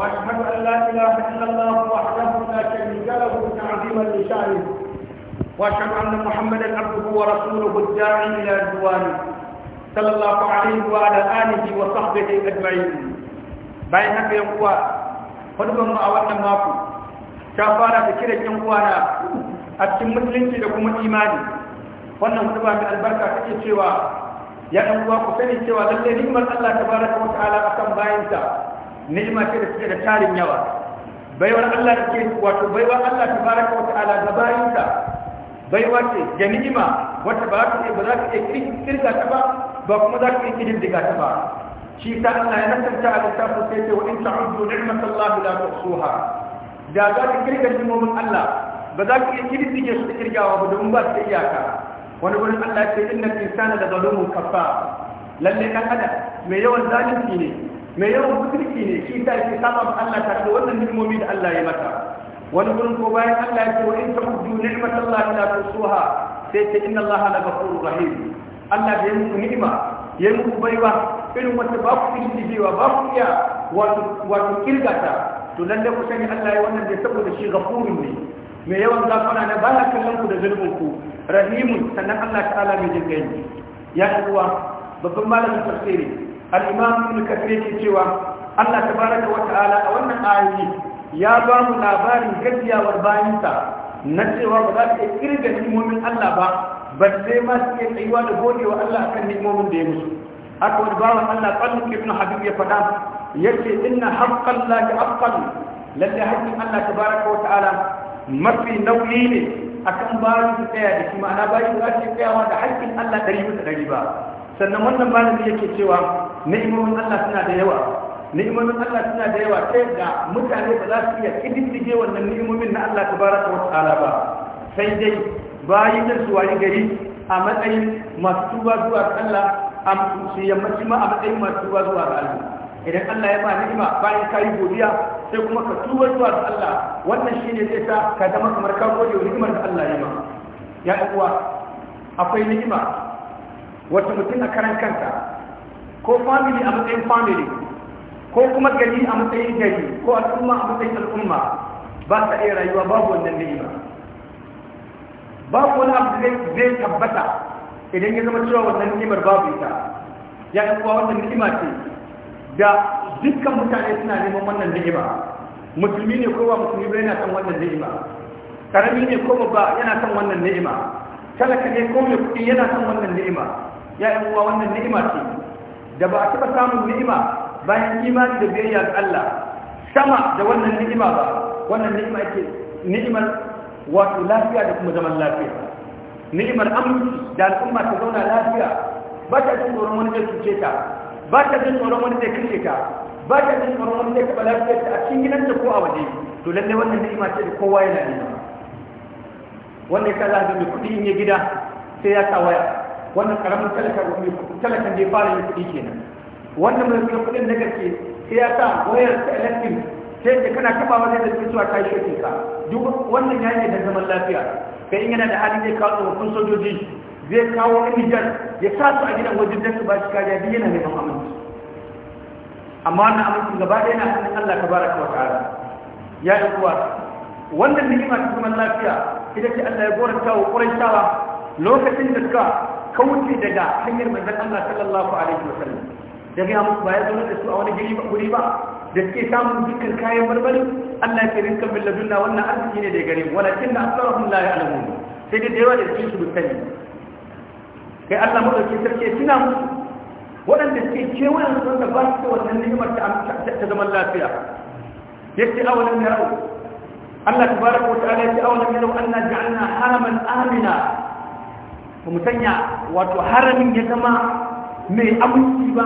واشهد ان لا اله الا الله وحده لا شريك له تعظيما لشانه واشهد ان محمدا عبده ورسوله الداعي الى رضوانه صلى الله عليه وعلى اله وصحبه اجمعين bayan haka yan uwa hudubar mu a wannan mako ta fara da kiran yan uwa na a cikin musulunci da kuma imani wannan hudubar da albarka take cewa ya yan uwa ku cewa lallai ni'imar Allah tabaraka wa akan bayinsa ni'ima ce da suke da tarin yawa baiwar Allah take wato baiwa Allah tabaraka wa ta'ala da bayinta baiwa ce ga ni'ima wata ba ta ba za ta iya kirga ta ba ba kuma za ta iya kididdiga ta ba shi ta Allah ya nasanta a littafin sai ce wa in ta'uddu ni'matallahi la tuhsuha da za ta kirga ni'imomin Allah ba za ka iya kididdige su kirgawa ba domin ba su da iyaka wani wurin Allah ya ce inna insana la zalumun kafa lalle kan adam mai yawan zalunci ne mai yawan musulki ne shi ta ce saba Allah ta ce wannan ni'imomi da Allah ya mata wani gurin ko bayan Allah ya ce wa in ta ta'uddu ni'matallahi la tusuha sai ce inna Allah la ghafurur rahim Allah da ya muku ni'ima ya muku baiwa irin wata ba ku bijewa ba ku iya wato kirgata to lalle ku sani Allah ya wannan da saboda shi ghafurun ne mai yawan gafara ne bana kallon ku da zulmun ku rahimun sannan Allah ta'ala mai jin ya ruwa babban malamin tafsiri al-imam yake kathir ke cewa Allah tabaraka a wannan ayoyi ya ba mu labarin gajiyawar bayinsa na cewa ba za ka iya kirga nimomin Allah ba ba sai ma su iya tsayuwa da godewa Allah akan nimomin da ya musu haka wani bawan Allah ke ibn habib ya faɗa ina inna haqqallahi afqal lalle haƙƙin Allah tabaraka wa ta'ala mafi nauyi ne akan bayan su tsaya da shi ma'ana bayan za tsayawa da haƙƙin Allah ɗari bisa ɗari ba sannan wannan malami yake cewa ni'imomin Allah suna da yawa ni'imomin Allah suna da yawa sai da mutane ba za su iya kididdige wannan ni'imomin na Allah tabaraka wa ta'ala ba sai dai bayin da su wani gari a matsayin masu tuba zuwa Allah a su yammaci ma a matsayin masu tuba zuwa ga Allah idan Allah ya ba ni'ima bayan ka yi godiya sai kuma ka tuba zuwa ga Allah wannan shine zai sa ka zama kamar ka gode wa ni'imar da Allah ya ma ya uwa akwai ni'ima wata mutum a karan kanta ko famili a matsayin famili ko kuma gari a matsayin gari ko al'umma a matsayin al'umma ba ta iya rayuwa babu wannan Ba babu wani abu da zai tabbata idan ya zama cewa wannan ni'imar babu ita ya yi kuwa wannan ni'ima ce da dukkan mutane suna neman wannan ni'ima musulmi ne kowa musulmi bai yana kan wannan ni'ima karami ne kowa ba yana kan wannan ni'ima talaka ne kowa kuɗi yana kan wannan ni'ima ya yi kuwa wannan ni'ima ce da ba a taɓa samun ni'ima bayan imani da biyayya ga Allah sama da wannan ni'ima ba wannan ni'ima ke ni'imar wato lafiya da kuma zaman lafiya ni'imar aminci da al'umma ta zauna lafiya ba ta jin tsoron wani zai cuce ta ba ta jin tsoron wani zai kashe ta ba ta jin tsoron wani zai taɓa lafiyar ta a cikin ta ko a waje to lallai wannan ni'ima ce da kowa yana nema wanda ya kaza da mai kuɗi in ya gida sai ya sa waya wannan karamin talaka wani talakan da ya fara yin kuɗi kenan wannan mai kuma kuɗin na gaske sai ya sa wayar ta electric sai da kana kaba wani da ke cewa yi shi ka duk wannan ya yi da zaman lafiya kai in yana da hali zai kawo tsofaffin sojoji zai kawo indijan ya sa su a gidan wajen da su ba shi kariya duk yana neman aminci amma wannan aminci gaba ɗaya na hannun Allah ka baraka wa ta'ala ya yi kuwa wannan ni'ima ta zaman lafiya idan ce Allah ya goranta wa ƙuraitawa lokacin da suka kauce daga hanyar manzon Allah sallallahu alaihi wasallam da ga musu ba ya zama da su a wani gari ba guri ba da suke samun dukkan kayan marmari Allah ya rinka min ladunna wannan arziki ne da gare mu walakin da asrarhum la ya'lamun sai da yawa da cikin su bisani kai Allah madauki sarki tuna musu waɗanda suke kewayen su da ba su wannan ni'imar ta zaman lafiya yake awalan yarau Allah tabaraka wa ta'ala yake awalan yarau anna ja'alna haraman amina ba mu sanya wato haramin ya zama mai aminci ba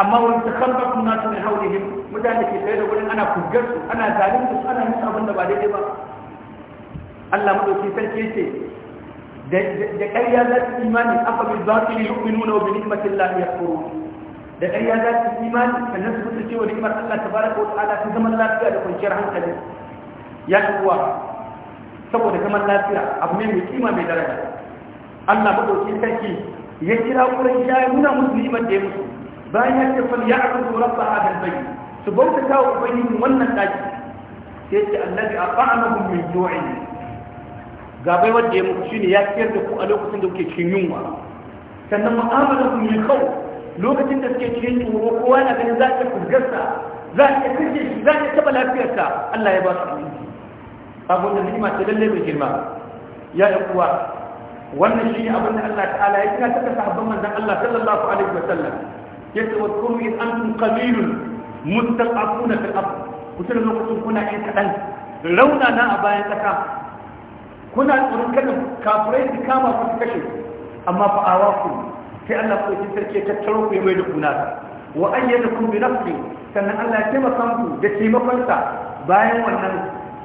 amma wani takalbar suna su mai haure mutane ke tsaye da wurin ana kujar su ana zalin su ana musu abin da ba daidai ba Allah madauki sarki ce da ƙarya za su imani afa bil batili yu'minuna wa bi ni'matillahi yakfurun da ƙarya za su imani sannan su mutu cewa ni'imar Allah tabaraka wa ta'ala ta zama lafiya da kwanciyar hankali ya kuwa saboda zaman lafiya abu ne mai kima mai daraja Allah madaukin sarki ya kira kuran shayi muna musu liman da ya musu bayan ya ce fal ya'budu rabba hadal bayt su bautata wa ubangiji wannan daki sai ce annabi afa'anahum min ju'in ga bai wanda ya muku shine ya kiyar da ku a lokacin da kuke cikin yunwa sannan mu'amalahum min khawf lokacin da suke cikin tsoro kowa na ganin za ta fuskarsa za ta kashe shi za ta taba lafiyarsa Allah ya ba su abinci abin da ni'ima ce lalle mai girma ya yan uwa wannan shi ne abin da Allah ta'ala ya kira ta sahabban manzon Allah sallallahu alaihi wa sallam yace wa kunu in antum qalilun mustaqafuna fil ard kusa da lokacin kuna yin kadan rauna na a bayan tsaka kuna tsoron kada kafirai su kama ku su kashe amma fa awaku sai Allah ko ya sarki ya tattaro ku ya mai da kuna wa ayyadakum bi nafsi sannan Allah ya taimaka muku da taimakonsa bayan wannan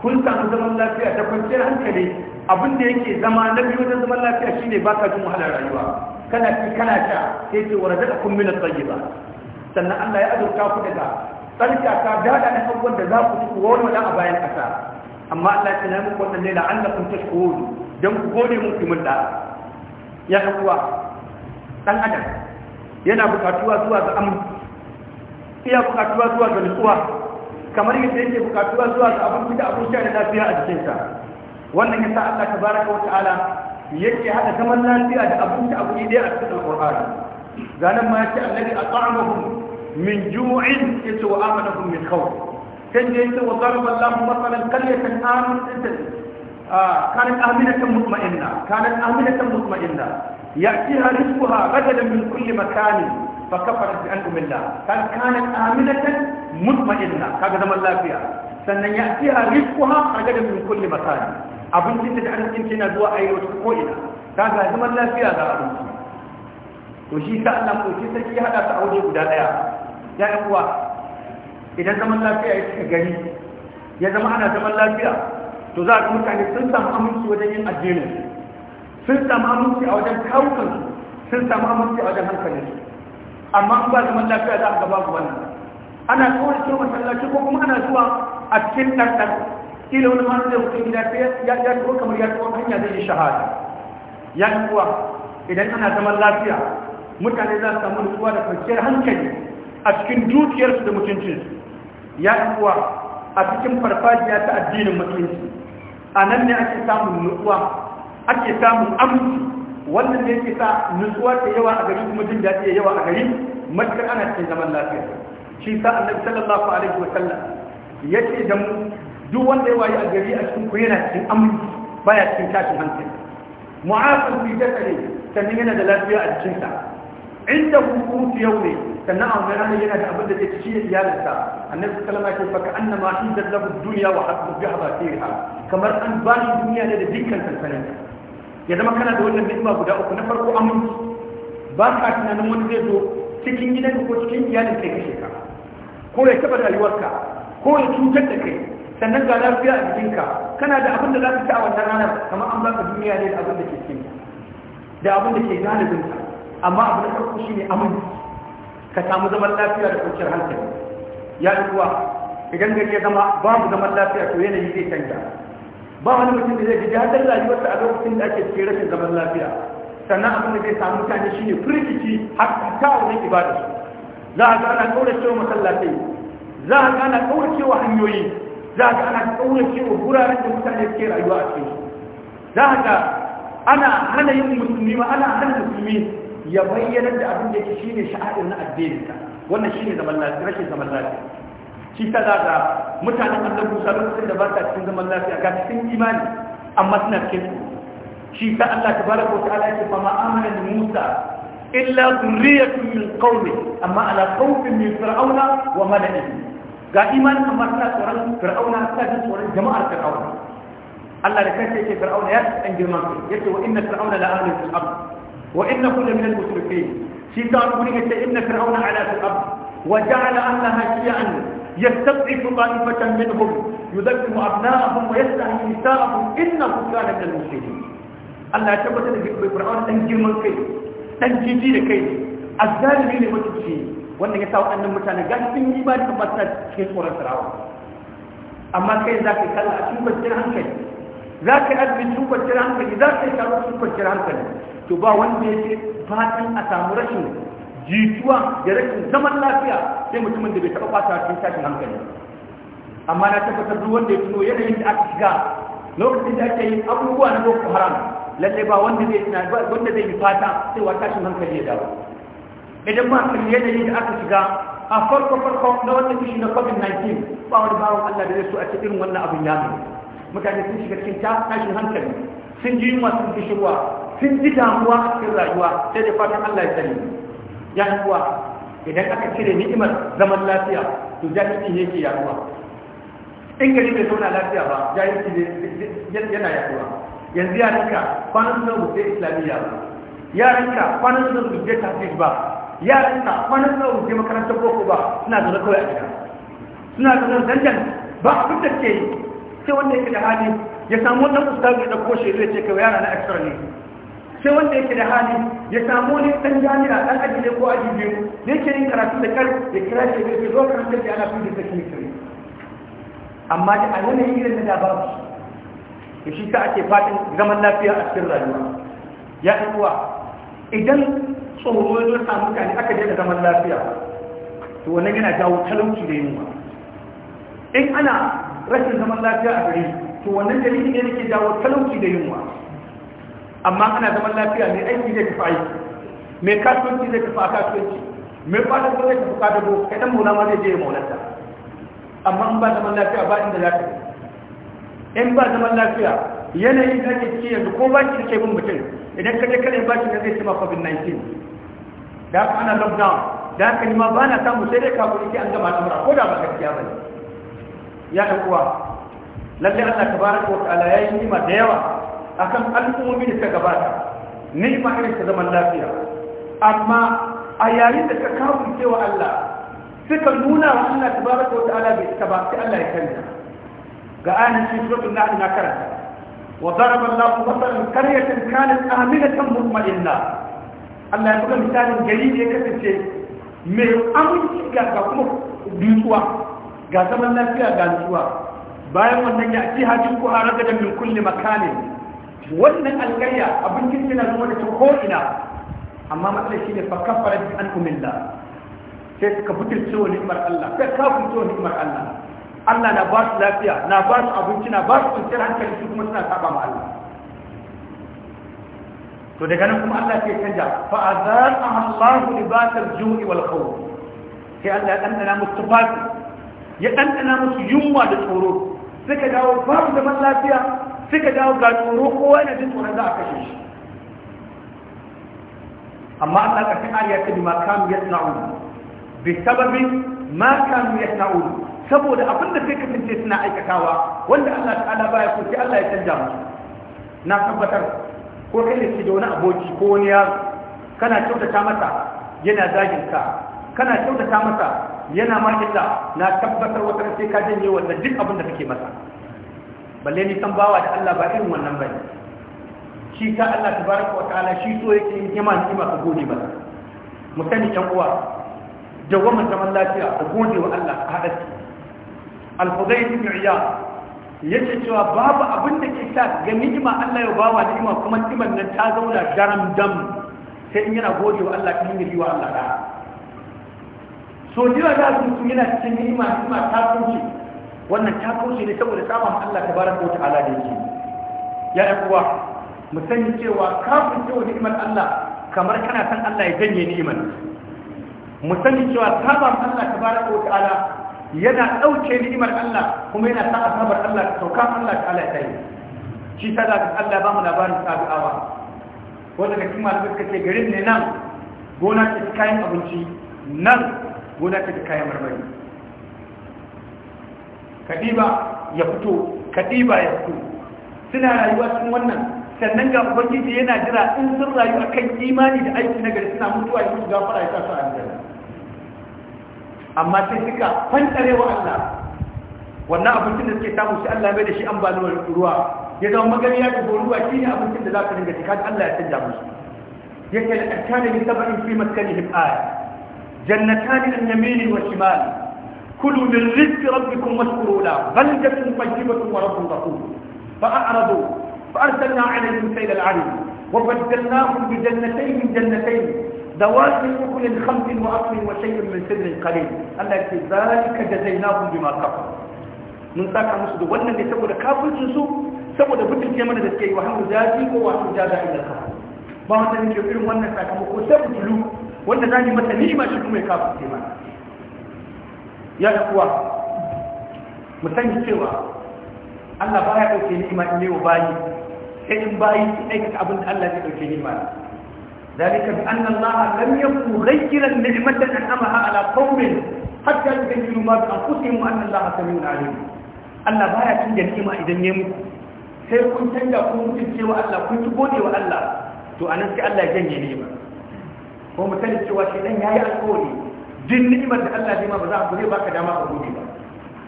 kun samu zaman lafiya da kwanciyar hankali abin da yake zama na biyu wajen zaman lafiya shine baka jin wahalar rayuwa kana ci kana sha sai ce wa razaqakum min at-tayyiba sannan Allah ya azurta ku daga tsarkaka dada da abubuwan da za ku ci wani a bayan kasa amma Allah ya tana muku wannan laila annakum tashkurun dan ku gode mun kimin da ya kuwa dan adam yana bukatuwa zuwa ga amin iya bukatuwa zuwa ga nutsuwa kamar yadda yake bukatuwa zuwa ga abin da abin sha da lafiya a jikinsa wannan yasa Allah tabaraka wa ta'ala yake hada zaman lafiya da abinci abu ɗaya a cikin alqur'ani ganan ma yace annabi at'amahum min ju'in yace wa amanahum min khawf kan da yace wa daraba Allahu masalan qaryatan amanat كانت آمنة مطمئنة كانت آمنة مطمئنة يأتيها رزقها غدا من كل مكان فكفرت بأنعم الله كانت كانت آمنة مطمئنة كذا ما الله فيها سنن يأتيها رزقها غدا من كل مكان abincin da arzikin ce na zuwa a yi ko ko'ina ta ga zaman lafiya za a abinci to shi sa Allah ko shi sarki ya hada ta aure guda daya ya yi kuwa idan zaman lafiya ya cika gari ya zama ana zaman lafiya to za a ga mutane sun samu aminci wajen yin addinin sun samu aminci a wajen kawukan sun samu aminci a wajen hankalin amma an ba zaman lafiya za a gaba wannan ana kawai cikin masallaci ko kuma ana zuwa a cikin ɗanɗan ila wani ma da mutum gida ya ya ko kamar ya tsohon hanya zai yi shahada ya yi kuwa idan ana zaman lafiya mutane za su samu nutsuwa da kwanciyar hankali a cikin dukiyarsu da mutuncinsu ya yi kuwa a cikin farfajiya ta addinin mutunci a nan ne ake samun nutsuwa ake samun aminci wannan ne yake sa nutsuwa ta yawa a gari kuma jin daɗi yawa a gari matuƙar ana cikin zaman lafiya shi sa annabi sallallahu alaihi wa sallam yace da mu duk wanda ya wayi a gari a cikin ku yana cikin amince baya cikin tashin hankali mu'afin fi jasadi sannan yana da lafiya a cikinsa inda hukumu yau ne sannan a wani ranar yana da abin da zai ci da iyalinsa annabi sallama ke faka annama da zabu duniya wa hasbu biha basirha kamar an ba shi duniya ne da dukkan sansanin ya zama kana da wannan ni'ima guda uku na farko aminci ba ka tunanin wani zai zo cikin gidanka ko cikin iyalin kai kashe ka ko ya taba rayuwarka ko ya cutar da kai sannan ga lafiya a jikinka kana da abin da za ka ci a wata ranar kamar an baka duniya ne da abin da ke cikin da abin da ke galibin ka amma abin da farko shine amin ka samu zaman lafiya da kwanciyar hankali ya kuwa idan gari ya zama babu zaman lafiya to yanayi zai canja ba wani mutum da zai ji dadin rayuwarsa a lokacin da ake cikin rashin zaman lafiya sannan abin da zai samu mutane shine firgici har ta wurin ibada za a ga ana kaurace wa masallatai za a ga ana kaurace wa hanyoyi za ka ana kaurace wa guraren da mutane suke rayuwa a cikin za ka ana hana yin musulmi ma ana hana musulmi ya bayyana da abin da yake ne sha'a'ir na addini, ka wannan shine zaman lafiya rashin zaman lafiya shi ta za ka mutanen Allah Musa lokacin da ba sa cikin zaman lafiya ga cikin imani amma suna cikin shi ta Allah ta tabaraka wa ta'ala yake fa ma'amala Musa Illa إلا ذرية من قومه أما على خوف من فرعون وملئه ga imanin amma suna tsoron fir'auna suna jin tsoron jama'ar fir'auna Allah da kansa yake fir'auna ya san girman kai yace wa inna fir'auna la ahli fil ard wa inna kullu min al musrifin shi ta wani yace inna fir'auna ala fil ard wa ja'ala annaha shi'an يستضعف طائفة منهم يذبح أبناءهم ويستحيي نساءهم إنه كان من المسلمين الله يثبت لك فرعون أن جرم الكيد أن جديد الكيد الظالمين المتجهين wanda ya sa waɗannan mutane ga sun yi ba da cikin tsoron sarawa amma kai za ka yi kalla a cikin kwanciyar hankali za ka yi azumin cikin hankali za ka yi kalla cikin kwanciyar hankali to ba wanda ya ce fatan a samu rashin jituwa da rashin zaman lafiya sai mutumin da bai taɓa fata cikin tashin hankali amma na tabbatar duk wanda ya tuno yanayin da aka shiga lokacin da ake yin abubuwa na boko haram lallai ba wanda zai yi fata sai wa tashin hankali ya dawo idan ba kan yanayi da aka shiga a farko farko na wannan kishi na covid-19 ba wani bawon allah da ya so a ce irin wannan abin ya mutane sun shiga cikin tashin hankali sun ji yunwa sun kishirwa sun ji damuwa a cikin rayuwa sai da fatan allah ya sani ya kuwa idan aka cire ni'imar zaman lafiya to jahilci ne ke yaduwa in gari bai zauna lafiya ba jahilci ne yana yaduwa yanzu ya rika kwanan sun rubuce islamiyya ba rika kwanan sun rubuce tafis ba yaran na kwanan na wuce makarantar boko ba suna zaune kawai a gida suna zaune dandan ba abin da ke yi sai wanda yake da hali ya samu wannan ustazu da dauko shi zai ce kawai yara na extra ne sai wanda yake da hali ya samu wani dan jami'a dan aji ne ko aji biyu da yake yin karatu da kar ya kira shi ya ce zo karantar da ana fi da kare amma da a wani irin da babu shi ta ake fatin zaman lafiya a cikin rayuwa ya ɗan uwa idan tsohon wani ya samun mutane aka je da zaman lafiya to wannan yana jawo talauci da yunwa in ana rashin zaman lafiya a gari to wannan dalilin ne ke jawo talauci da yunwa amma ana zaman lafiya mai aiki zai tafi aiki mai kasuwanci zai tafi a kasuwanci mai fadar ko zai tafi kadago kai dan maula ma zai je ya maulata amma in ba zaman lafiya ba inda za ka in ba zaman lafiya yanayin da ake ciki yanzu ko ba ki da ke bin mutum idan ka je kana bashi na zai ce ma covid 19 da aka ana lockdown da aka ni ma ba na samu sai dai kafin ki an gama mura, ko da ba gaskiya ba ne ya ɗan uwa lalle Allah tabaraka wa ta'ala ya yi nima da yawa akan al'ummomi da ta gabata ni'ima irin ta zaman lafiya amma a yayin da ka ke cewa Allah suka nuna wa Allah tabaraka wa ta'ala bai ta ba sai Allah ya kanta ga ayatin suratul nahl na karanta وضرب الله مثلا قرية كانت آمنة مطمئنة Allah ya مثال misalin gari da من kasance mai aminci ga kuma dutsuwa ga zaman lafiya ga dutsuwa bayan wannan ya ci hajji ko a raga da min kulli makani wannan alƙarya abin kirki na zama da ta ko'ina amma matsalar shi ne fa kafara bi an umilla sai ka fitar Allah sai Allah Allah na ba su lafiya na ba su abinci na ba su kwanciyar hankali su kuma suna saba ma Allah to daga nan kuma Allah ke canja fa azana Allahu libasal ju'i wal khawf sai Allah ya dandana musu tufafi ya dandana musu yunwa da tsoro suka dawo su zaman lafiya suka dawo ga tsoro ko wani jin tsoron za a kashe shi amma Allah ka ta ariya ta bima kam yasna'un bi sababin ma kam yasna'un saboda abin da sai kasance suna aikatawa wanda Allah ta'ala baya so sai Allah ya canja musu na tabbatar ko kai ne da wani aboki ko wani yaro kana kyautata masa yana zagin ka kana kyautata masa yana ma illa na tabbatar wata sai ka janye wannan duk abin da kake masa balle ni san bawa da Allah ba irin wannan bane shi ta Allah tabaraka wa ta'ala shi so yake hima ni ma ka gode ba mu sani yan uwa dawamar zaman lafiya ku gode wa Allah a hadasi al-hudayr ibn iyad yace cewa babu abin da ke sa ga ni'ima Allah ya bawa ni'ima kuma ni'imar nan ta zauna daram dam sai in yana gode wa Allah kin yi wa Allah da so jiya da su yana cikin ni'ima ni'ima ta kunce wannan ta kunce ne saboda samun Allah tabaraka wa ta'ala da yake ya yi kuwa mu sani cewa kafin cewa ni'imar Allah kamar kana san Allah ya janye ni'imar mu sani cewa samun Allah tabaraka wa ta'ala yana ɗauke ni'imar Allah kuma yana sa asabar Allah saukan Allah ta Allah ta yi shi ta ka Allah ba mu labarin sabi'awa wanda ka kima suka ce garin ne nan gona ce ta kayan abinci nan gona ce ta kayan marmari kadiba ya fito kadiba ya fito suna rayuwa sun wannan sannan ga ubangiji yana jira in sun rayu akan imani da aiki na gari suna mutuwa ya mutu gafara ya sa su amma sai suka fantare wa Allah wannan abincin da suke samu shi Allah mai da shi an ba ruwa ya zama magariya da ruwa ne abincin da za ka dinga cika Allah ya canja musu yake da arkani min sab'in fi maskanihim aya jannatani an yamini wa shimal kulu min rizqi rabbikum washkuru lahu baldatun tayyibatun wa rabbun ghafur fa a'radu fa arsalna 'alayhim sayl al-'arim وبدلناهم بجنتين جنتين ذوات أكل خمس وأصل وشيء من سدر قليل الله يقول ذلك جزيناهم بما كفروا mun saka musu da wannan ne saboda kafircin su saboda butulce mana da suke yi wa hannu jaji ko wa hannu jaza ila kafa ba wanda ne ke irin wannan sakamako sai butulu wanda zani mata ni'ima shi kuma ya kafirce mana ya da kuwa mu sani cewa Allah baya dauke ni'ima in bayi sai in bayi su aikata da Allah zai dauke ni'ima ذلك بأن الله لم يكن مغيرا نعمة أنعمها على قوم حتى يبينوا ما بأنفسهم وأن الله سميع عليم Allah baya canja ni'ima idan ya sai kun canja kun mutunce wa Allah kun ci gode wa Allah to anan sai Allah ya janye ni'ima ko mu sani cewa shi dan yayi alƙawari din ni'imar da Allah ya ma ba za a gure ba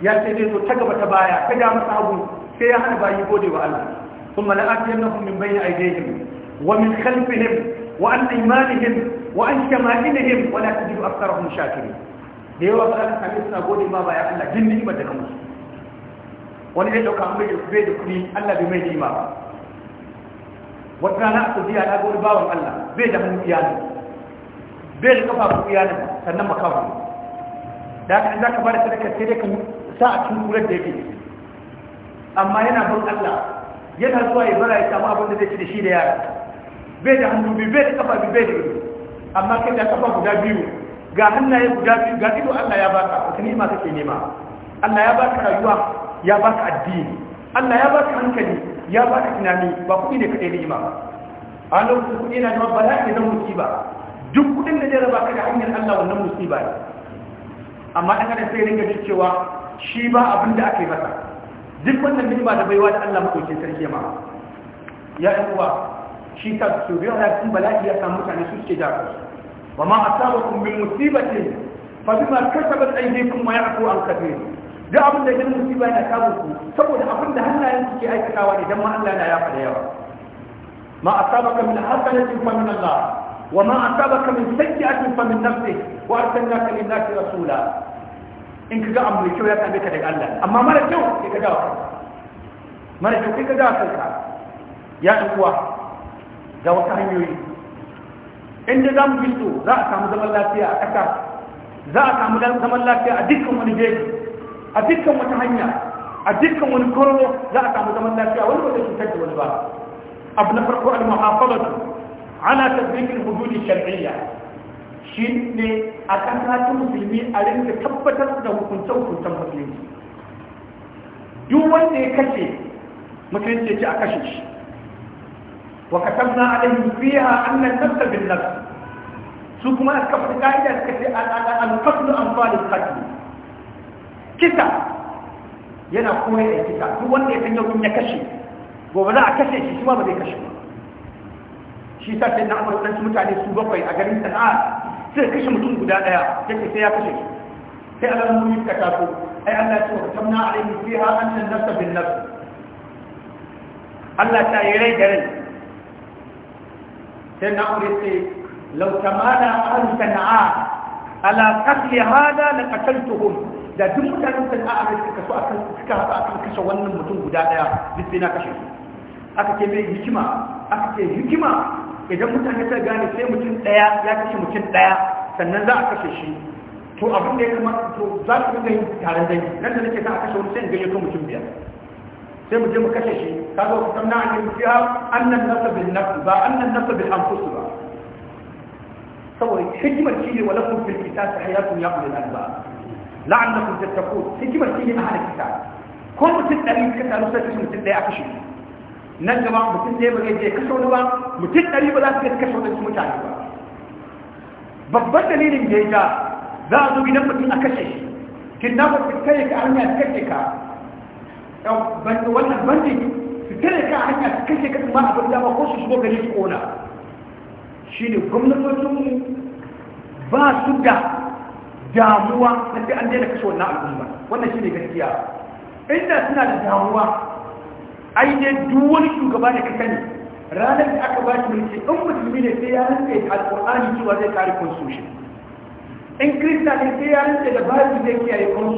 ya ce dai to ta gaba ta baya ka dama sabu sai ya hana bayi gode wa Allah kuma la'atiyannahum min wa min وعن أيمانهم وعن شمائلهم ولا تجد أكثرهم شاكرين da yawa ba za sami suna gode ma ba ya Allah jin ni'ima da na musu wani ya dauka mai bai da kuɗi Allah bai mai ni'ima ba wata rana a kudiya na gori bawan Allah bai da hannu iyalin bai da kafafu iyalin sannan makafu da haka in za ka bada sadaka sai dai ka sa a cikin kurar da yake amma yana bin Allah yana zuwa ya bara ya samu abin da zai ci da shi da yara bai da hannu bi bai da kafa bi bai da ido amma kai da kafa guda biyu ga hannaye guda biyu ga ido Allah ya baka wata ni'ima kake nema Allah ya baka rayuwa ya baka addini Allah ya baka hankali ya baka tunani ba kuɗi ne kaɗai ni'ima ba a lokacin kuɗi na zama bala'i zan musiba duk kuɗin da zai raba ka da hanyar Allah wannan musiba ne amma ɗan adam sai ringa jin cewa shi ba abin da aka yi masa duk wannan ni'ima da baiwa da Allah madaukin sarki ma ya yi uwa shi ka su biyo da cikin bala'i ya samu mutane su suke jago wa ma asabakum min musibatin fa bima kasabat aydikum wa ya'fu an kathir duk abin da gidan musiba yana kawo ku saboda abin da hannayen suke aikatawa ne dan ma Allah yana yafa da yawa ma asabaka min hasanatin fa min Allah wa ma asabaka min sayyi'atin fa min nafsik wa arsalnaka lin-nasi rasula in kaga abu mai kyau ya same ka daga Allah amma mara kyau sai ka dawo mara kyau kai ka dawo kanka ya ɗan uwa da wata hanyoyi inda za mu biso za a samu zaman lafiya a ƙasa za a samu zaman lafiya a dukkan wani jeji a dukkan wata hanya a dukkan wani kororo za a samu zaman lafiya wani wata cutar da wani ba abu na farko al-muhafazatu ala tadbiqil hudud shar'iyya shi ne a ƙasa ta musulmi a rinka tabbatar da hukunce-hukuncen musulmi duk wanda ya kashe musulunci ce a kashe shi wa katabna alaihim fiha anna an su kuma suka fi ka'ida suka ce al-qatl anfal al-qatl kisa yana kuma ya kisa duk wanda ya san ya kashe gobe za a kashe shi shi ba zai kashe ba shi sa sai na amurka su mutane su bakwai a garin sana'a sai kashe mutum guda daya yake sai ya kashe shi sai Allah ce Allah ta yi rai da rai sai na umar yace law tamala ahlu sana'a ala qatl hada la qataltuhum da duk mutanen sana'a ne suka so akan suka haɗa akan kashe wannan mutum guda ɗaya, duk na kashe su aka ce mai hikima aka ce hikima idan mutane ta gane sai mutum ɗaya ya kashe mutum ɗaya, sannan za a kashe shi to abin da ya kamata to za su dinga yin taron yi nan da nake za a kashe wani sai in gayyato mutum biyar sai mu je mu kashe shi kaga ku san na ne fiha annan nafsa bil nafs ba annan nafsa bil anfus ba saboda hikimar shi ne wala kun fil kitab hayatun ya ulul alba la'annakum tattaqun hikimar shi ne a halin kitab ko mutum ɗari ka taru sai kashe mutum ɗaya aka shi nan gaba mutum ɗaya ba zai je kashe wani ba mutum ɗari ba za su je kashe wani mutane ba babban dalilin da ya ja za a zo gidan mutum a kashe shi kidnapper kai ka hanya kashe ka wannan bandit su tare ka hanya su kashe kasan ma abin dama ko su shigo gari su kona shi ne gwamnatocinmu ba su da damuwa na sai an daina kashe wannan al'umma wannan shi ne gaskiya inda suna da damuwa ai ne duk wani shugaba da ka sani ranar da aka ba shi mulki in musulmi ne sai ya rantsa alƙur'ani cewa zai kare constitution in kirista ne sai ya rantsa da babu zai kiyaye constitution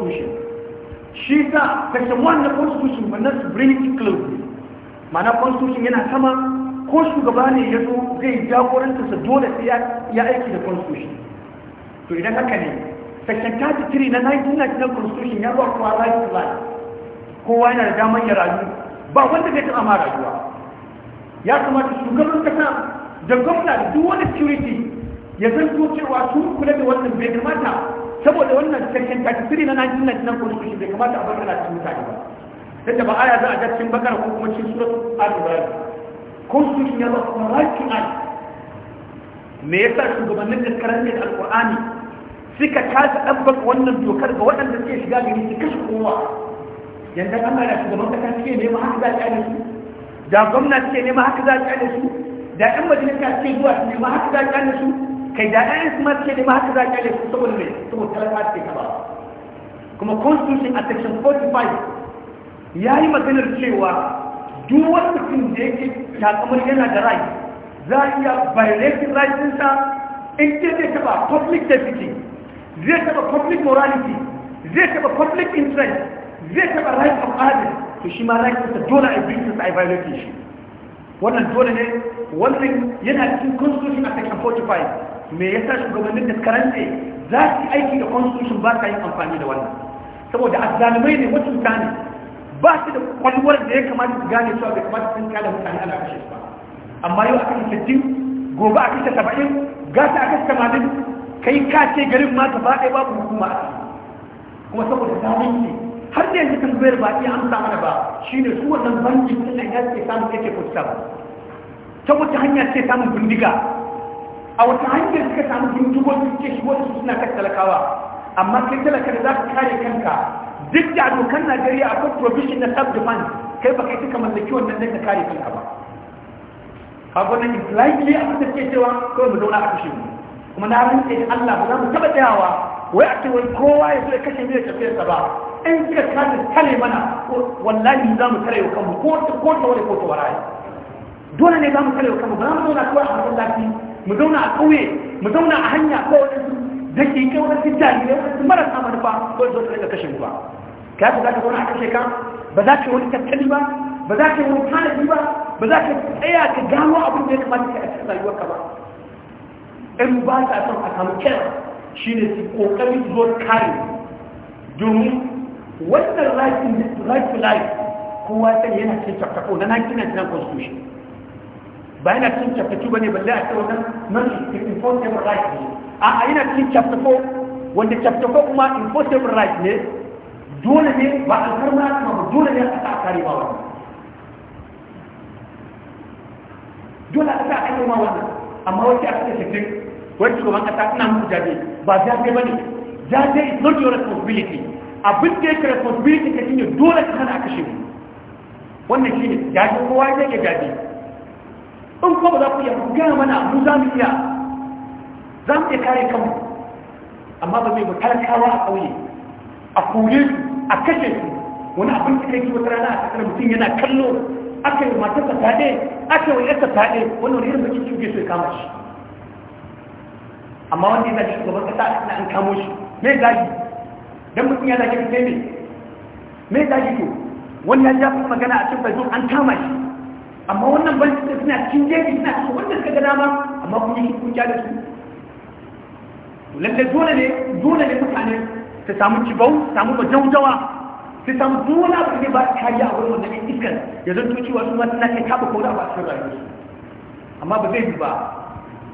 shi sa section 1 na constitution ba na sovereignty clause mana constitution yana sama ko shugaba ne ya zo zai jagoranta sa dole sai ya aiki da constitution to idan haka ne section 33 na 1999 constitution ya ba kowa right to life kowa yana da damar ya rayu ba wanda zai taɓa ma rayuwa ya kamata shugaban kasa da gwamna da duk wani security ya zanto cewa su kula da wannan bai kamata saboda wannan section 33 na 1999 constitution bai kamata a bakara cikin mutane ba da ba aya za a cikin bakara ko kuma cikin surat al-ibrahim constitution ya ba kuma right an me yasa shugabannin da karanta al-qur'ani suka kasa dabbaka wannan dokar ga waɗanda suke shiga gari su kashe kowa yanda Allah ya shugaban kasa ne ma haka za a su da gwamnati ne ma haka za a su da ɗan majalisa suke zuwa ne ma haka za a su kai da ɗan isma ma ne ma haka za a kyale su saboda mai saboda talaka suke kaba kuma constitution a section 45 ya yi maganar cewa duk wani mutum da yake takamar yana da rai za a iya violating rights ɗinsa in ke zai taɓa public deputy zai taɓa public morality zai taɓa public interest zai taɓa right of others to shi ma right ɗinsa dole a bring this a violation shi wannan dole ne wannan yana cikin constitution a section 45 me yasa shugabannin da karance za su aiki da constitution ba ta yin amfani da wannan saboda azzalumai ne wasu ne ba su da kwalwar da ya kamata su gane cewa bai kamata sun kada mutane ana kashe su ba amma yau akan sittin gobe a ta saba'in gasa a ta tamanin kai ka ce garin ma gaba ɗaya babu hukuma kuma saboda zalunci har da yanzu kan tambayar ba iya amsa mana ba shine su wannan banki sun da ya samun kake kusa ba ta wata hanya ce samun bindiga a wata hanyar suka samu bindigo suke shi da su suna kan talakawa amma kai talaka da za ka kare kanka duk da dokan najeriya a akwai provision na self defense kai ba kai suka mallaki wannan dan ka kare kanka ba kago in likely a da ke cewa kawai mu zauna a kashe mu kuma na rantse da Allah ba za mu taba tsayawa wai a ce wai kowa ya zo ya kashe mu ya tafi ya saba, in kika kaje kare mana wallahi za mu kare kanmu ko ko ta wani ko ta warai dole ne za mu kare kanmu ba za mu zauna kawai a lafiya. mu zauna a ƙauye mu zauna a hanya ko wani da ke kai da su mara marasa manufa ko zo ta rika kashe ruwa ka yi za ka zauna a kashe ka ba za ka wani tattali ba ba za ka wani tanadi ba ba za ka tsaya ka gano abin da ya kamata ka a cikin ka ba in ba ka son a samu kira shi ne su kokari zuwa kare domin wannan right to life kowa sai yana cikin tattako na 1999 constitution ba yana cikin chapter 2 bane balle a cewa nan nan enforceable right ne a a yana cikin chapter 4 wanda chapter 4 kuma enforceable right ne dole ne ba a alfarma kuma dole ne a ta kare ba wannan dole a ta kare ma wannan amma wace a cikin shekin wani shugaban kasa ina muku jaje ba jaje ba ne jaje is not your responsibility abin da yake responsibility ka shine dole ka hana kashe mu wannan shine jaje kowa ya jaje in kuma ba za ku iya gaya mana mu za mu iya za mu iya kare kanmu amma ba mai ba talakawa a ƙauye a kore su a kashe su wani abin da kai wata rana a kasar mutum yana kallo aka yi matar ta fade aka yi yarta fade wani wani irin bakin cuge su ya kama shi amma wanda yana shugaban kasa a an kamo shi me zagi dan mutum ya zagi kai ne me zagi to wani ya ja magana a cikin facebook an kama shi amma wannan ban da suna cikin jeji suna cikin wanda suka ga dama amma kun yi kun ja da su lalle dole ne dole ne mutane ta samu cibau, su samu bajaujawa su samu dole abu ne ba ta yi a wurin ne iskan ya zan tuki wasu masu nan ya taba kowa ba cikin rayuwarsu amma ba zai yi ba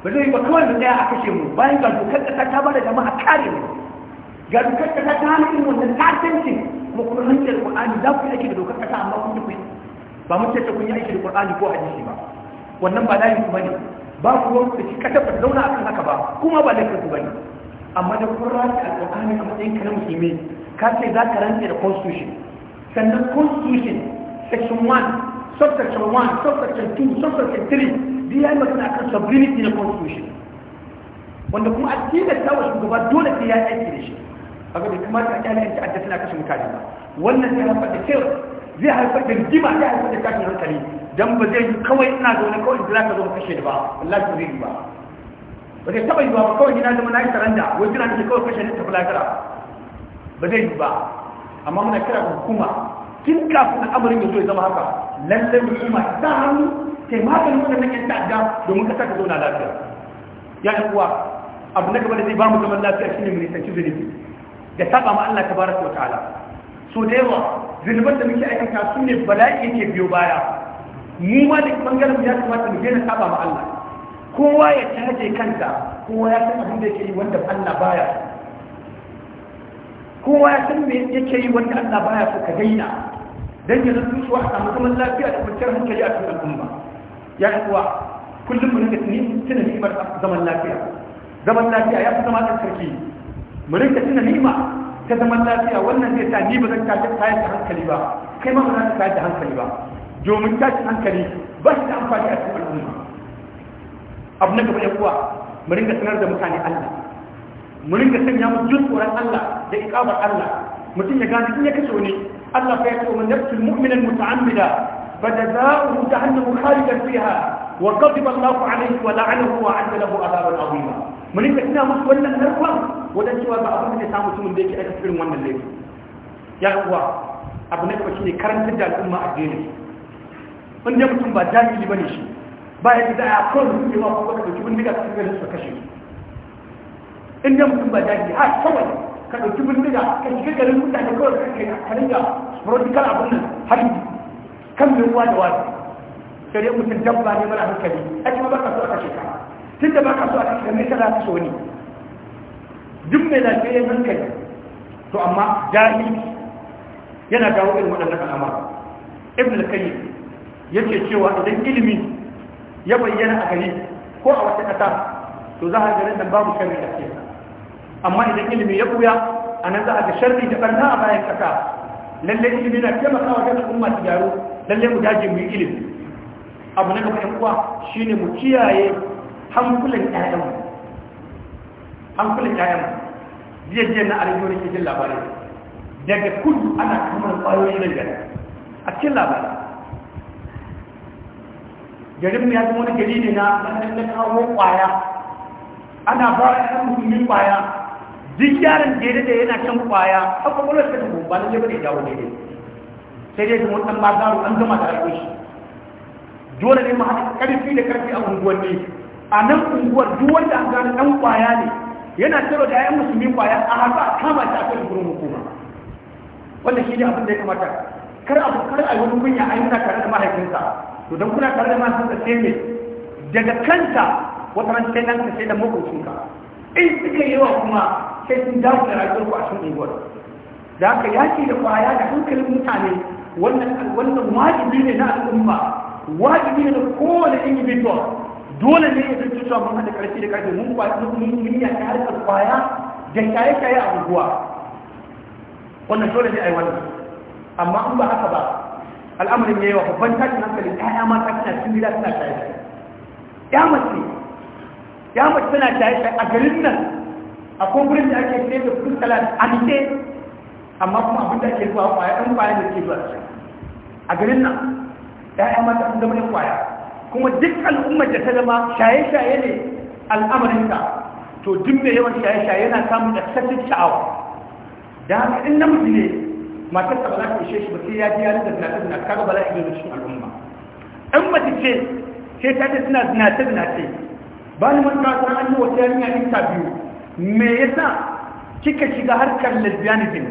ba zai yi ba kawai da daya a kashe mu bayan ga dokar kasa ta bada jama'a kare mu ga dokar kasa ta hana irin wannan tasirin kuma kuma hanyar ku'ani za ku yake da dokar kasa amma kun yi ba mu ce kun yi aiki da Qur'ani ko hadisi ba wannan ba dai kuma ne ba ku wani da shi kada ku zauna akan haka ba kuma ba laifin ku bane amma da Qur'ani da Al-Qur'ani a matsayin kana musulmi ka ce za ka rantsa da constitution sannan constitution section 1 subsection 1 subsection 2 subsection 3 dai yayi magana akan sovereignty na constitution wanda kuma a cikin da wa shugaba dole sai ya aiki da shi kaga da kamata a kyale ta addata na kashe mutane ba wannan ya haɓar da cewa zai haifar da rigima zai haifar da tashin hankali dan ba zai yi kawai ina zaune kawai da zaka zo mu kashe ni ba wallahi ba zai yi ba ba zai taba yi ba kawai ni na zama na yi saranda wai jira nake kawai kashe ni tafi lafiya ba zai yi ba amma muna kira hukuma tun kafin amarin ya zo ya zama haka lallai hukuma ta hannu sai maganin wannan yan da domin kasa ka zauna lafiya ya ɗan kuwa abu na gaba da zai ba mu zaman lafiya shine mu nisanci zunubi da saba ma Allah tabaraka wa ta'ala so da yawa zunuban da muke aikata su ne bala'i yake biyo baya mu ma da bangaren ya kamata mu daina saba ma Allah kowa ya caje kanta kowa ya san abin da yake yi wanda Allah baya kowa ya san me yake yi wanda Allah baya so ka daina dan ya zanto su a samu zaman lafiya da kwanciyar hankali a cikin al'umma ya kuwa kullum mu rinka tuna ni'imar zaman lafiya zaman lafiya ya fi zama sarki. mu rinka tuna ni'ima ta zaman lafiya wannan zai sa ni ba zan tashi tayar da hankali ba kai ma ba za ka tayar da hankali ba domin tashi hankali ba shi da amfani a cikin al'umma abu na gaba ya kuwa mu ringa sanar da mutane Allah mu ringa sanya mu jin tsoron Allah da iqabar Allah mutum ya gane in ya kashe wani Allah fa ya ce man yaqtul mu'mina muta'ammida fa jazaohu jahannamu khalidan fiha wa ghadiba Allahu alayhi wa la'anahu wa 'adda lahu 'adaban 'azima mun ringa ina musu wannan narkon wajen cewa ba abin da ya samu mutumin da yake aikata firin wannan laifi ya kuwa abu na gaba ne karantar da al'umma addini in dai mutum ba ba ne shi ba ya da a kawai mutum ma kuma ka dauki diga ka kai su kashe shi in dai mutum ba jahili har kawai ka ɗauki dauki diga ka shiga garin mutane kawai ka kai ka ringa prodigal abun nan har kan mai uwa da wani sai dai mutum dabba ne mara hankali ake ma ba ka so a kashe ka tun da ba ka so a kashe ka ne ka za ka so ne duk mai lafiyar hankali to amma jahili yana dawo irin waɗannan al'amara ibn al yake cewa idan ilimi ya bayyana a gari ko a wata ƙasa to za a ga nan babu sharri a cikin amma idan ilimi ya buya a nan za a ga sharri da barna a bayan ƙasa lalle ilimi na taimakawa wa kan al'umma su gyaru lalle mu dage mu yi ilimi abu na gaba ɗan uwa shine mu kiyaye hankulan ƴaƴanmu an kula kayan jiya jiya na arewa ke labarin daga kudu ana kamar kwayoyi na gari a cikin labarin garin ya zama wani gari ne na ɗan kawo kwaya ana ba a ɗan musulmi kwaya duk yaron gere da yana kan kwaya a kwakwalwar ta tabo ba na jebe da jawo daidai sai dai zama ɗan bazaro an gama da rayuwar shi dole ne ma haɗa ƙarfi da ƙarfi a unguwanni a nan unguwar duk wanda an gane ɗan kwaya ne yana tsoro da yi musulmi kwaya a haka kama ta akwai gurin hukuma wannan shi ne abin da ya kamata kar a kar a wani kunya a yi tare da mahaifinsa to don kuna tare da mahaifinsa sai ne daga kanta wata ran sai nan sai da ka in suka yi yawa kuma sai sun dawo da rayuwar ku a cikin unguwar da haka yaki da kwaya da hankalin mutane wannan wannan wajibi ne na al'umma wajibi ne na kowane individual dole ne ya zanto cewa mun hada karfi da karfi mun kwaci mun yi a ta harkar kwaya da shaye-shaye a unguwa wannan dole ne a yi wannan amma in ba haka ba al'amarin ya yi wa babban tashin hankali ƴaƴa mata tana cin gida tana shaye-shaye ya mace ya mace tana shaye-shaye a garin nan a kogurin da ake sai da kudin talar a nike amma kuma abin da ake zuwa kwaya ɗan kwaya da ke zuwa a garin nan ƴaƴa mata sun zama yin kwaya kuma duk al'ummar da ta zama shaye-shaye ne al'amarinta to duk mai yawan shaye-shaye yana samun excessive sha'awa da haka in namiji ne matar ta ba za ta ishe shi ba sai ya ji ya rinda zinace zinace kaga ba za a iya cikin al'umma in mace ce sai ta ce suna zinace zinace ba ni mun kasa an yi wata yarinya interview me yasa kika shiga harkar lesbianism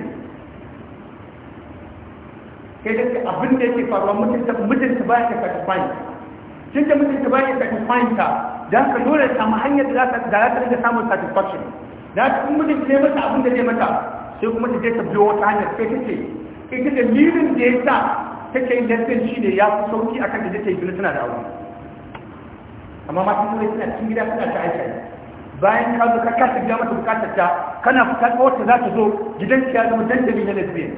sai da abin da yake faruwa mutunta mutunta ba ya ta satisfying tun da mutum ba ya satisfying ta da haka dole ta samu hanyar da za ta rage samun satisfaction da haka kuma mutum ne mata abin da ne mata sai kuma ta je ta biyo wata hanyar sai ta ce ita dalilin da ya sa ta ke yin dafin shi ne ya fi sauki akan da ta yi tana da awa. amma masu dole suna cikin gida suna ta aiki bayan ka zo ka kasa gida mata bukatar ta kana fita wata za ta zo gidan ya zama dandali na lesbian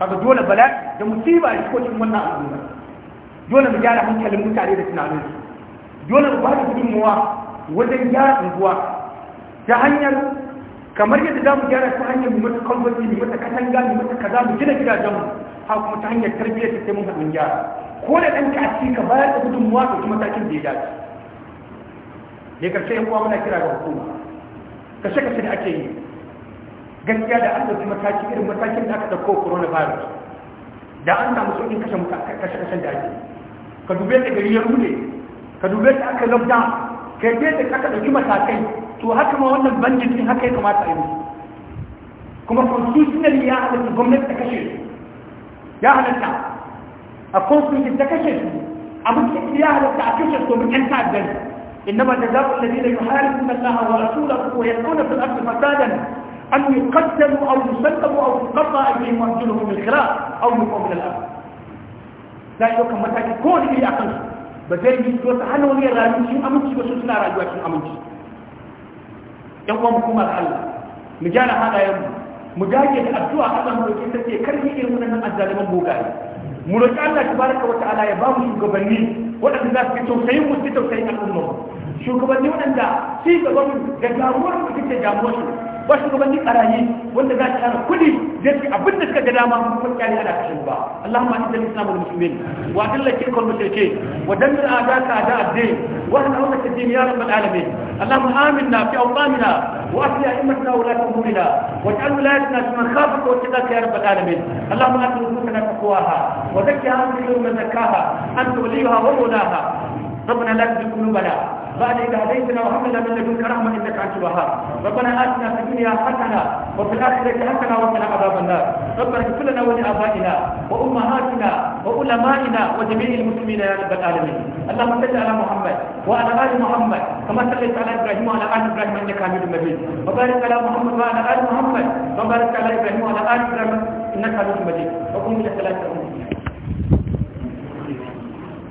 kaga dole bala da musiba shi ko cikin wannan al'umma dole mu gyara hankalin mutane da tunanin dole mu ba da gudunmuwa wajen gyara unguwa ta hanyar kamar yadda za mu gyara ta hanyar mu mata kwamfani mu mata katanga mu mata kaza mu gina gidajen mu ha kuma ta hanyar tarbiyyar ta sai mun haɗin gyara ko da ɗan a ka bayar da gudunmuwa kuma matakin da ya dace da karshe yan uwa muna kira ga hukuma kashe kashe da ake yi gaskiya da an ɗauki mataki irin matakin da aka ɗauko coronavirus da an samu sauƙin kashe kashen da ake yi ka dube da gari ya rude ka dube da aka lockdown ka dube da aka ɗauki matakai to haka ma wannan bandit din haka ya kamata a yi musu kuma constitutionally ya halatta gwamnati ta kashe su ya halatta a constitution ta kashe su abin ya halatta a kashe su domin yan ta'addar إنما جزاء الذين يحاربون الله ورسوله ويسعون في الأرض فسادا أن يقتلوا أو يسلبوا أو تقطع أيديهم وأرجلهم من خلاف أو يقوموا من الأرض za a ɗaukar mataki ko wani iri a kansu ba zai yi to ta hana wani rayu cikin aminci ba suna rayuwa sun aminci yan uwan kuma Allah mu gyara haɗa yanzu mu dage da addu'a Allah mu roƙi take karfi irin wannan azzaliman bogaye mu roƙi Allah tabaraka wa ta'ala ya ba mu shugabanni waɗanda za su fi tausayin mu su tausayin al'umma shugabanni waɗanda ci gaban da damuwar mu kike damuwar su ba shugabanni karayi wanda za su tsara kudi zai ce abin da suka ga dama kun kyale ana kashe ba Allahumma inna al-islam wal muslimin wa adilla shirkal mushrikin wa dammir a'daka a'da ad-din wa hna hawla ad-din ya rabbal alamin Allahumma aminna fi awqamina wa asli a'immatina wa la tumurina wa ja'al wilayatana fi man khafaka ta ittaqaka ya rabbal alamin Allahumma atina nusukana ha. wa zakkiha anta khayru man zakkaha anta waliyuha wa mawlaha ربنا لا تزغ قلوبنا بعد إذا هديتنا وهب لنا من لدنك رحمة إنك أنت الوهاب ربنا آتنا في الدنيا حسنة وفي الآخرة حسنة وقنا عذاب النار ربنا اغفر لنا ولآبائنا وأمهاتنا وعلمائنا وجميع المسلمين يا رب العالمين اللهم صل على محمد وعلى آل محمد كما صليت على إبراهيم وعلى آل إبراهيم إنك حميد مجيد وبارك على محمد وعلى آل محمد وبارك على إبراهيم وعلى آل إبراهيم إنك حميد مجيد وقم إلى صلاتكم